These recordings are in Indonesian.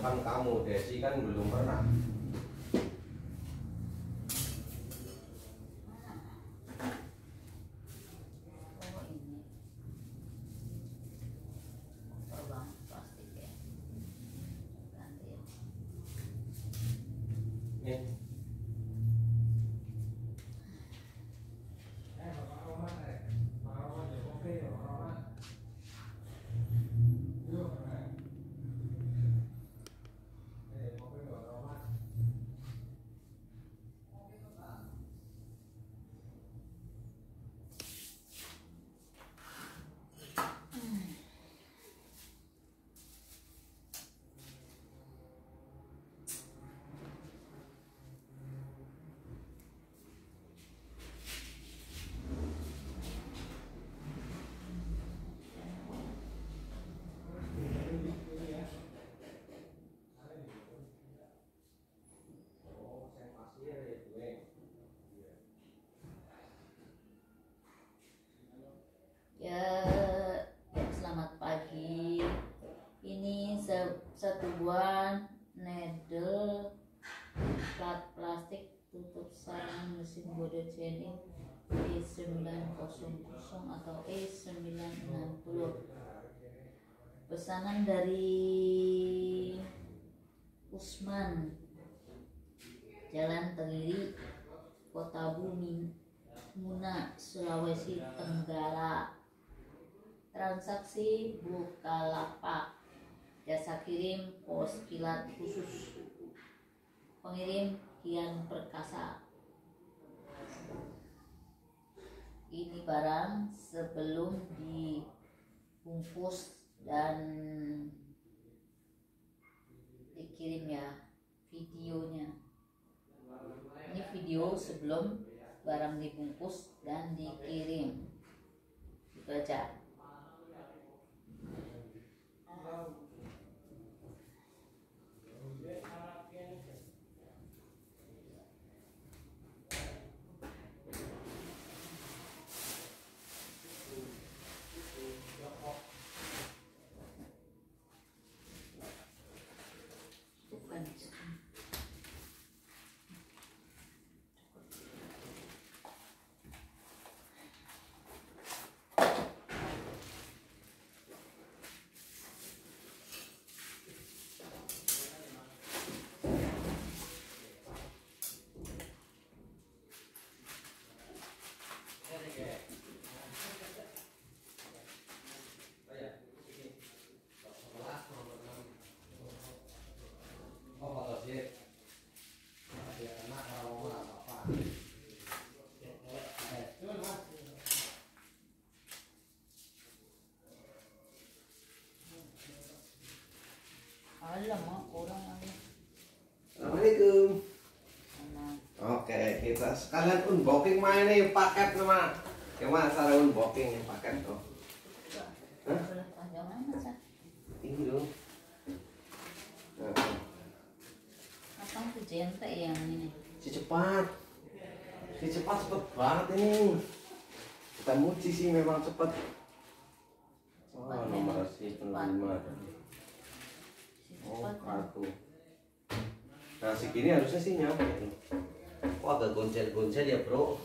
depan kamu Desi kan belum pernah pesanan dari Usman Jalan Tenggiri Kota Bumi Muna Sulawesi Tenggara transaksi buka lapak. jasa kirim pos kilat khusus pengirim Kian Perkasa ini barang sebelum dibungkus dan dikirim ya videonya ini video sebelum barang dibungkus dan dikirim dibaca Assalamualaikum. Oke, kita sekalian unboxing main nih paket nama. Kemana cara unboxing yang paket tuh. Hah? Ini dong. Nah. Apa tuh jente ya, yang ini? Si cepat. Si cepat cepat banget ini. Kita muci sih memang cepat. Oh, nomor si penerima oh kartu nah segini harusnya sih nyampe nih kok agak goncel-goncel ya bro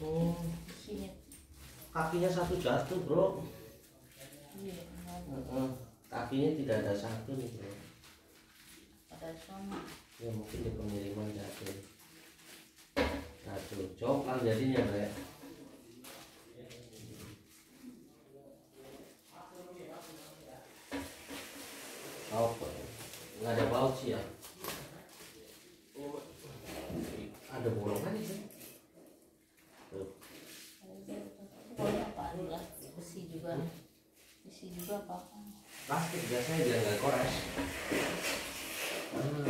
oh kakinya satu jatuh bro iya kakinya tidak ada satu nih bro ada sama ya mungkin di pengiriman jatuh nah coklat kan jadinya bro apa nggak ada baut sih ya ada bolongan sih besi juga hmm? besi juga apa plastik biasanya dia nggak kores hmm.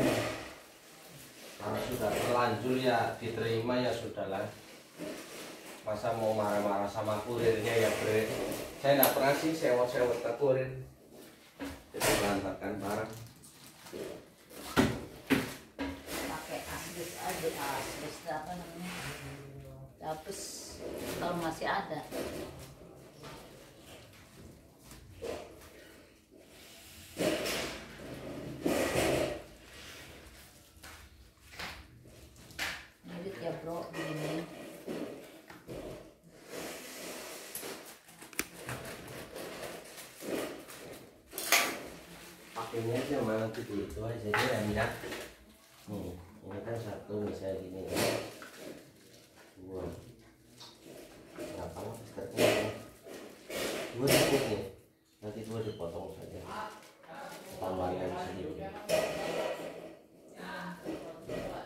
kalau sudah terlanjur ya diterima ya sudahlah masa mau marah-marah sama kurirnya ya Bre. saya nggak pernah sih sewa-sewa ke kurir masih ada Jadi ya bro begini pakainya aja malah tuh itu aja jadi enak nih ini kan satu misalnya gini ya. dua matang seperti dua cukup nih nanti dua dipotong saja tambahkan sedikit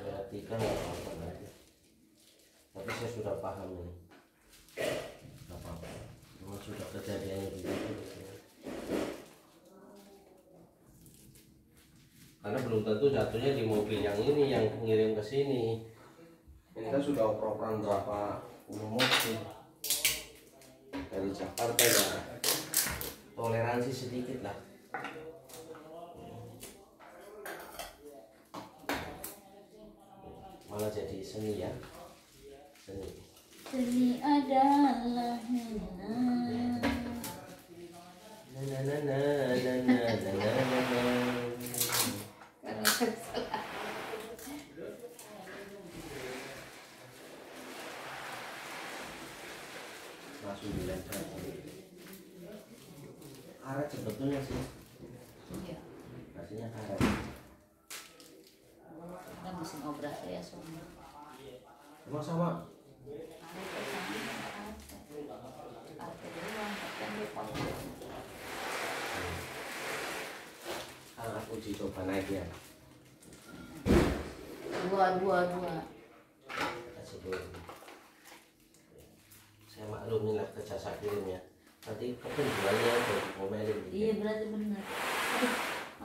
perhatikan nggak apa nanti tapi saya sudah paham ini apa-apa cuma sudah kejadiannya begitu karena belum tentu jatuhnya di mobil yang ini yang ngirim ke sini ini kan sudah operan berapa puluh mobil dari Jakarta ya toleransi sedikit lah malah jadi seni ya seni seni adalah na na na na na na na na sama-sama kalau aku coba naiknya dua dua dua saya maklumin lah kerja ya. nanti kepenjualannya ngomelin gitu. iya berarti benar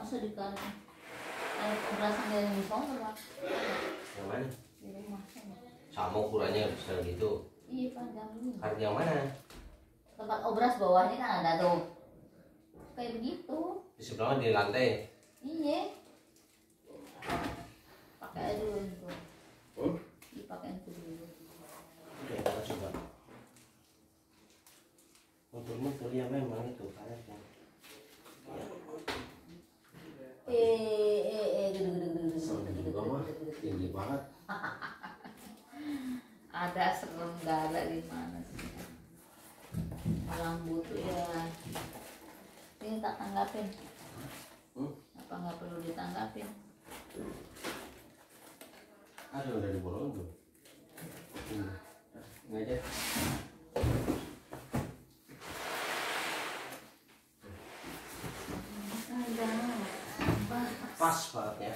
masa di kanan kayak perasaan dari Musong sama yang mana sama ukurannya besar gitu iya panjang ini yang mana tempat obras bawahnya kan ada tuh kayak begitu di sebelahnya di lantai iya pakai aja dulu itu hmm? Oh. dipakai itu dulu oke kita coba untuk motornya memang itu karet kan iya. eh eh eh gede gede gede gede gede gede gede gede gede gede gede ada sebelum nggak ada di mana sih orang butuh ya ini tak tanggapin hmm? apa nggak perlu ditanggapin ada udah bolong tuh hmm. nggak aja pas banget ya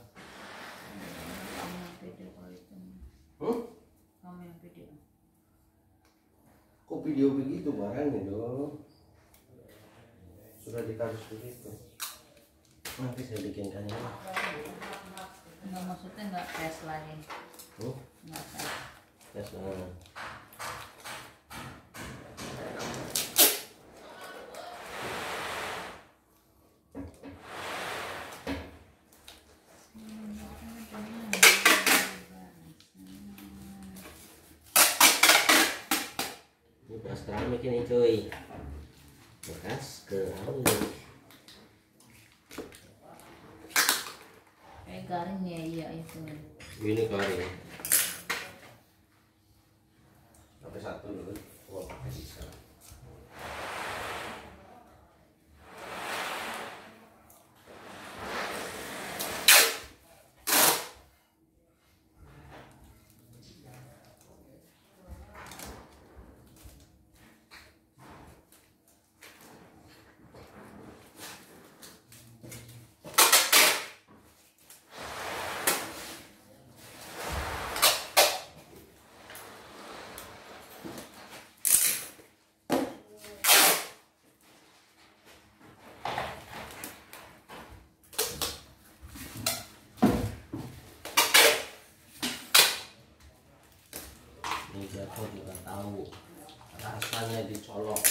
bekas keramik anu ini ya. cuy bekas keramik eh garingnya iya itu iya, ini garing aku juga tahu rasanya dicolok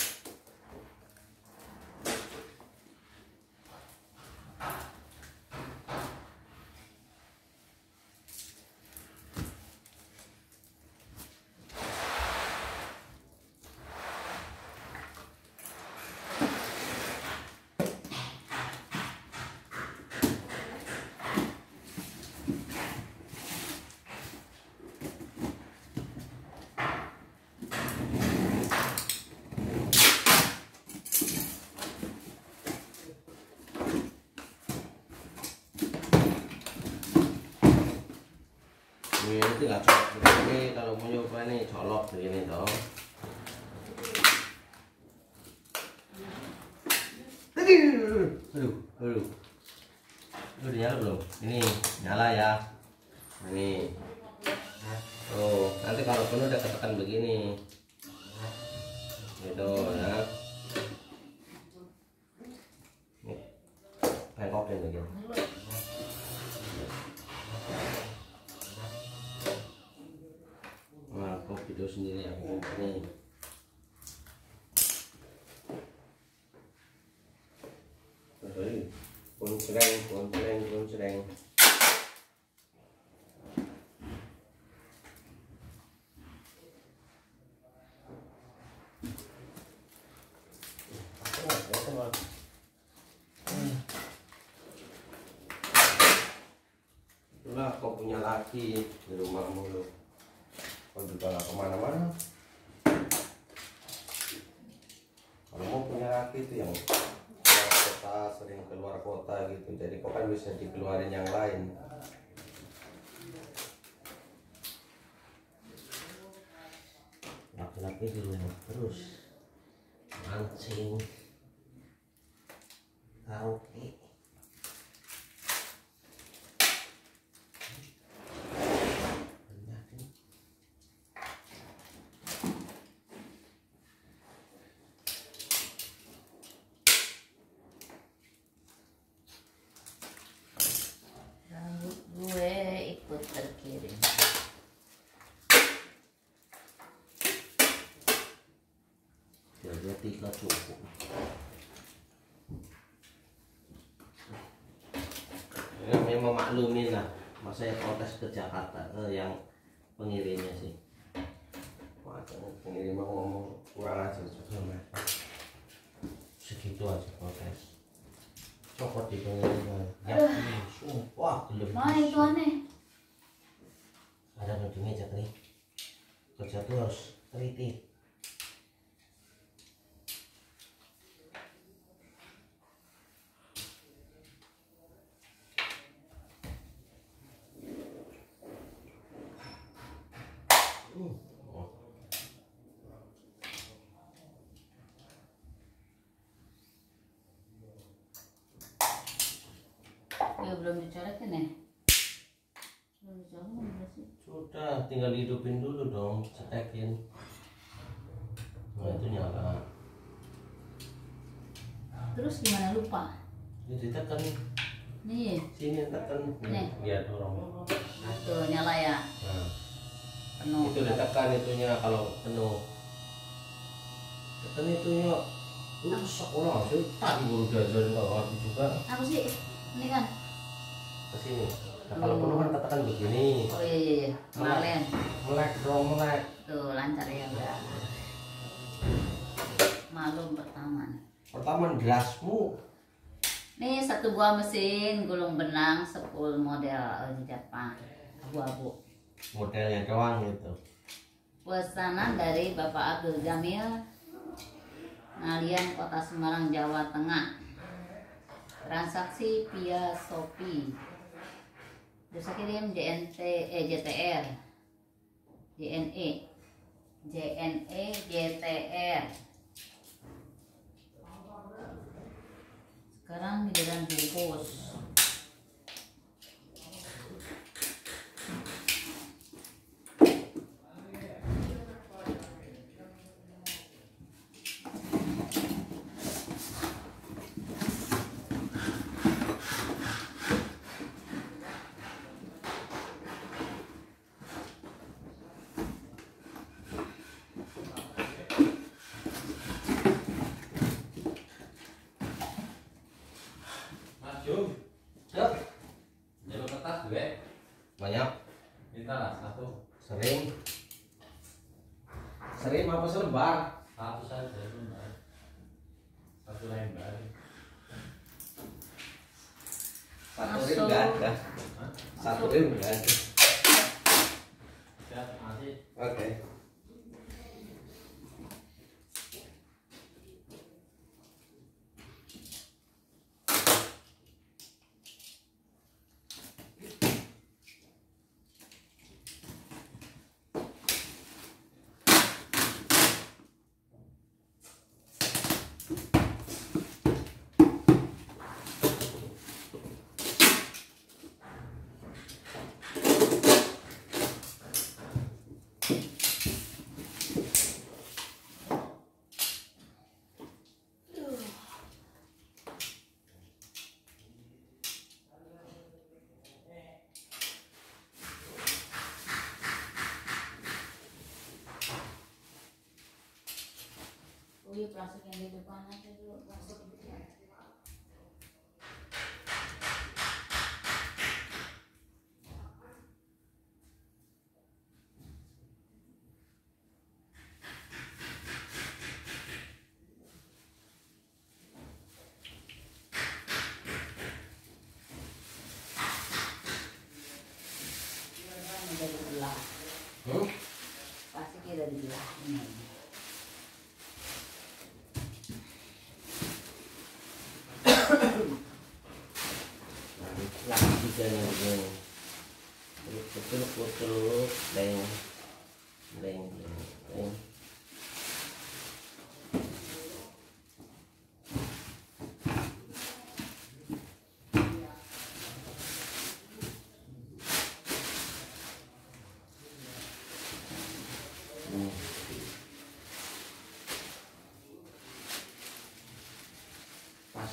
nggak ini kalau mau nyoba nih colok begini dong aduh aduh udah nyala belum ini nyala ya ini tuh nanti kalau penuh udah ketekan begini gitu ya ini bengkokin begini sendiri aku ini Terus, pun sereng, pun sereng, pun kaki itu yang kota sering keluar kota gitu jadi kok kan bisa dikeluarin yang lain laki-laki di rumah terus mancing karaoke memaklumin lah mas saya protes ke Jakarta eh, yang pengirimnya sih Wah, pengirim aku ngomong kurang aja segitu aja protes copot di pengirim ya, sumpah belum itu aneh ada nudungnya aja kerja tuh harus teliti penuh itu ditekan itunya kalau penuh tekan itunya lu ulang sih tadi baru diajarin nggak ngerti juga aku sih ini kan sini nah, kalau penuh kan katakan begini oh iya iya iya nah, melek melek dong melek tuh lancar ya udah malum pertama pertama gelasmu Nih satu buah mesin gulung benang sepul model eh, Jepang abu-abu modelnya doang gitu pesanan dari Bapak Abdul Jamil Nalian Kota Semarang Jawa Tengah transaksi via Shopee bisa kirim JNT eh JTR JNE e. JNE JTR sekarang di jalan bungkus oh iya plastik yang di depan aja dulu plastik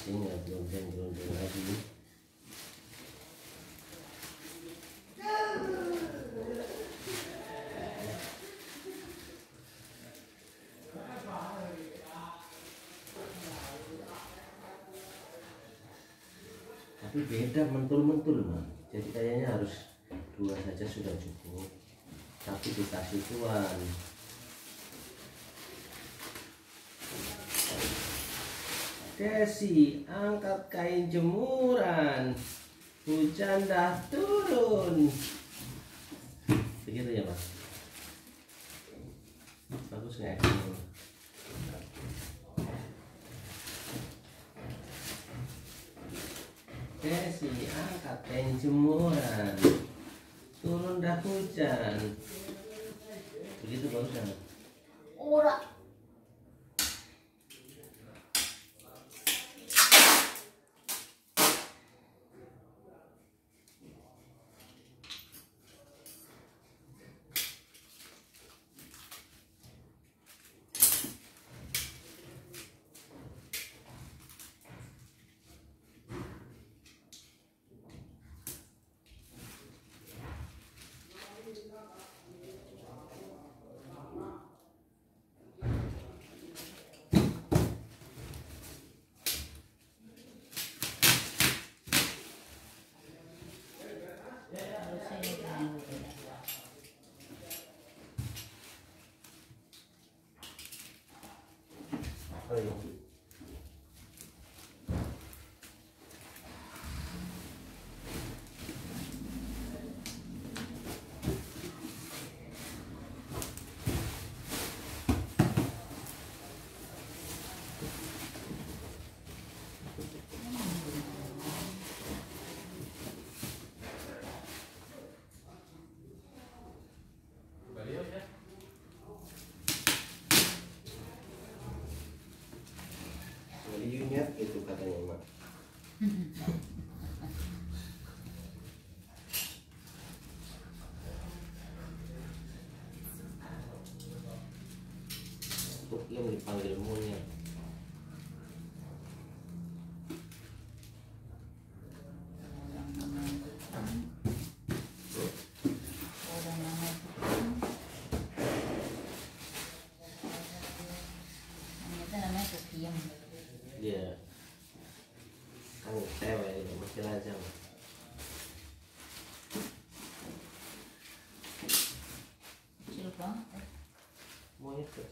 sini lagi tapi beda mentul-mentul mah jadi kayaknya harus dua saja sudah cukup tapi dikasih tuan Kesi angkat kain jemuran Hujan dah turun Begitu ya Pak Bagus nggak ya? 可以。padre padre muy bien.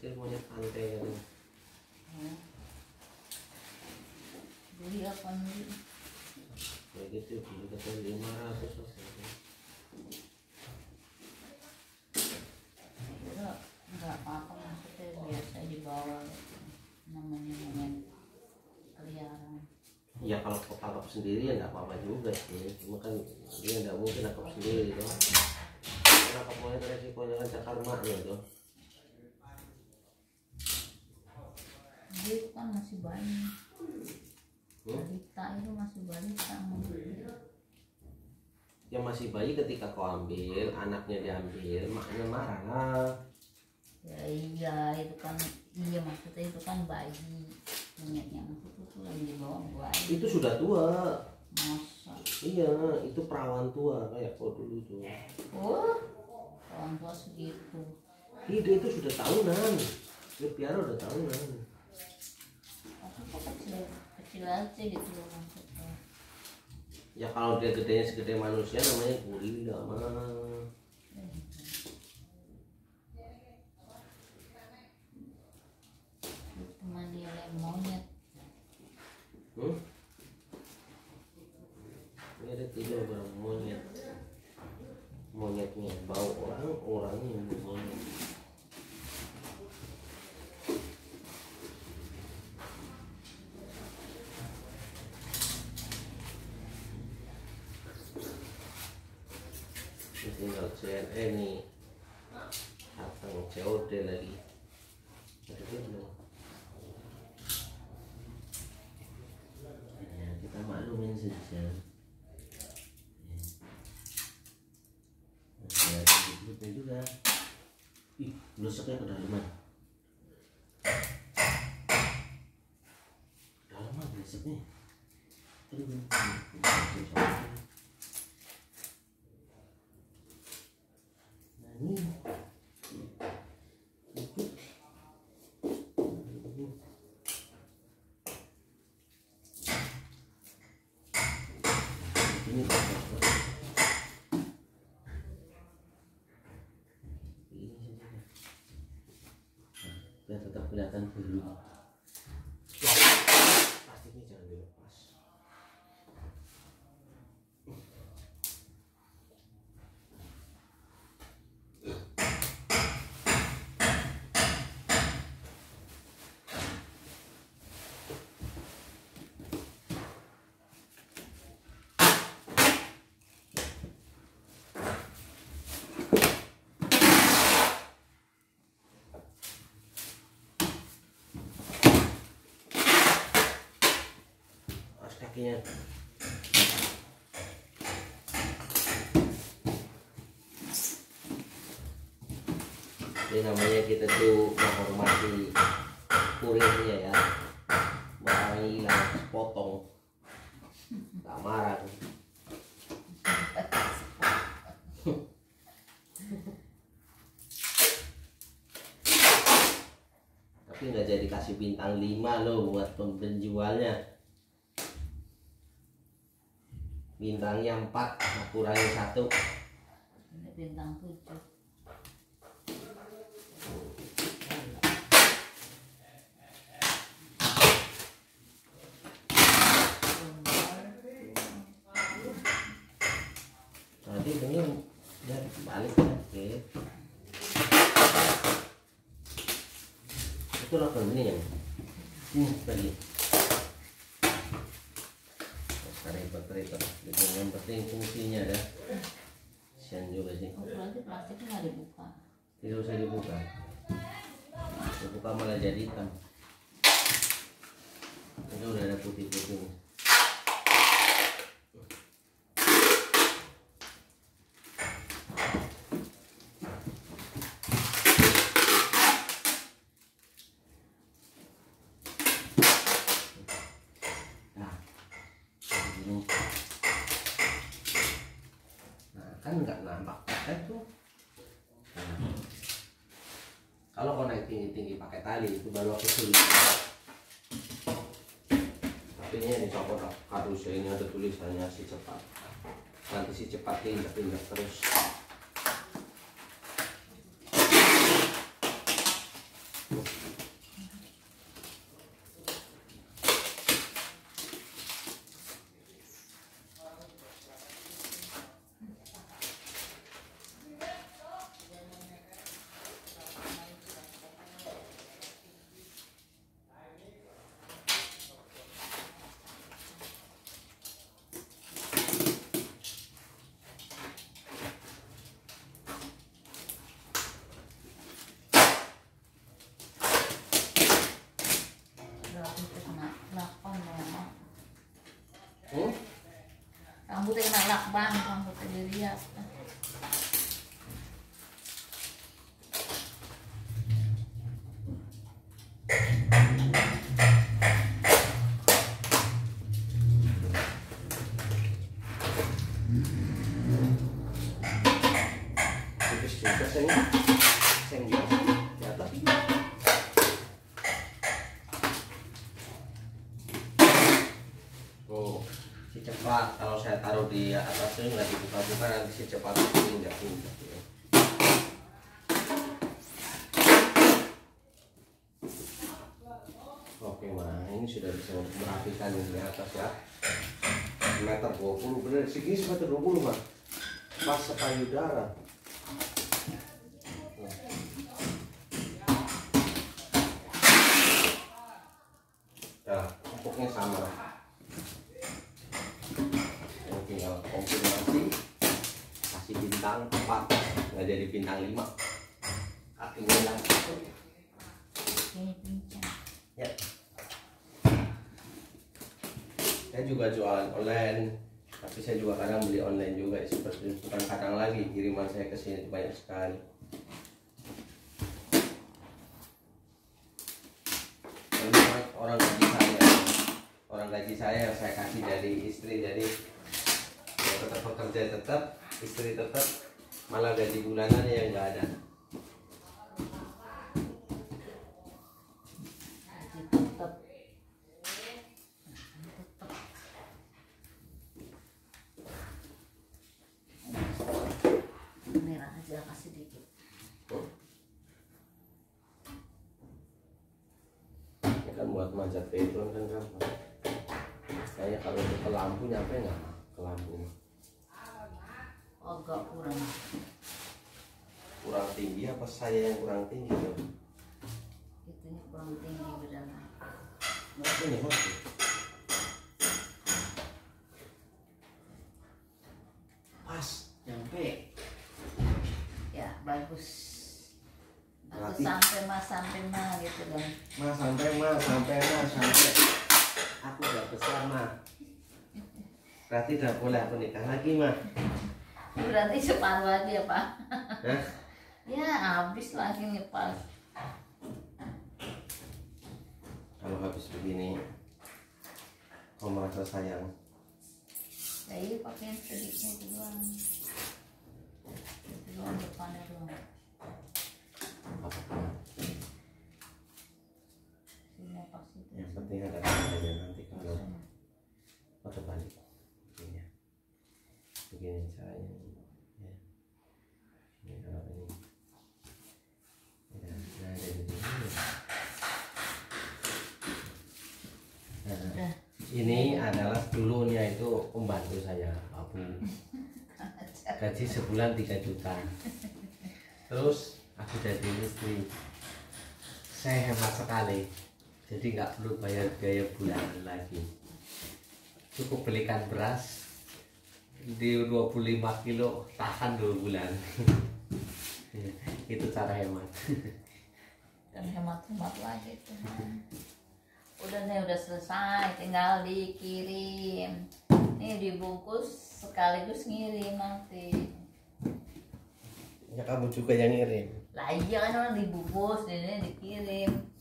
kayak monyet pantai katanya hmm. beli apa nih kayak gitu beli katanya lima ratus nggak apa-apa maksudnya biasa dibawa namanya monyet peliharaan ya kalau ketangkap sendiri ya nggak apa-apa juga sih cuma kan dia nggak mungkin nangkap sendiri dong nangkap monyet resikonya kan cakar mak ya dong masih banyak hmm? balita itu masih balita yang masih bayi ketika kau ambil anaknya diambil maknya marah lah ya iya itu kan iya maksudnya itu kan bayi minyaknya maksudnya itu yang dibawa bayi itu sudah tua masa iya itu perawan tua kayak kau dulu tuh oh perawan tua segitu Ide itu sudah tahunan. piara udah tahunan gitu ya kalau dia gedenya segede manusia namanya gurila mah monyet hmm? bau orang orangnya monyet ini apa jauh deh lagi ada belum ya, kita maklumin saja ya. ada kulitnya juga ih ke kedalaman Dalaman lusuknya Thank Ini. kakinya jadi namanya kita tuh menghormati kurirnya ya barang hilang sepotong tak marah tapi nggak jadi kasih bintang 5 loh buat penjualnya bintangnya 4 kurangi 1 ini bintang 7 ini yang itu ini ya, ini pakai baterai kan yang penting fungsinya ya sian juga sih nanti oh, plastiknya nggak dibuka tidak usah dibuka dibuka malah jadi hitam itu udah ada putih putih itu baru aku tulis tapi ini dicopot harusnya ini ada tulisannya si cepat nanti si cepat diinjak-injak terus galak banget kalau langsung dilihat Thank you. bisa merapikan yang di atas ya meter 20 bener segini meter 20 mah pas payudara nah ya, pokoknya sama lah tinggal konfirmasi kasih bintang 4 nggak jadi bintang 5 kaki langsung saya juga jualan online tapi saya juga kadang beli online juga seperti bukan kadang lagi kiriman saya ke sini banyak sekali orang gaji saya orang gaji saya yang saya kasih dari istri jadi ya tetap bekerja tetap istri tetap malah gaji bulanannya yang nggak ada tinggi apa saya yang kurang tinggi dong? Itunya kurang tinggi bedanya. Maksudnya apa? Pas, nyampe. Ya bagus. Berarti, sampai mas sampai mah gitu dong. Mas sampai mas sampai mas sampai. Aku udah besar mah. Berarti udah boleh aku nikah lagi mah. Berarti separuh aja pak. Hah? ya habis lagi nih pas kalau habis begini kau merasa sayang ya iya pakai sedikit doang doang depannya doang yang penting ada aja nanti kalau foto balik begini begini caranya ini adalah dulunya itu pembantu saya abu gaji sebulan 3 juta terus aku jadi istri saya hemat sekali jadi nggak perlu bayar biaya bulanan lagi cukup belikan beras di 25 kilo tahan dua bulan itu cara hemat dan hemat-hemat lagi itu udah nih udah selesai tinggal dikirim ini dibungkus sekaligus ngirim nanti ya kamu juga yang ngirim lah iya kan orang dibungkus ini dikirim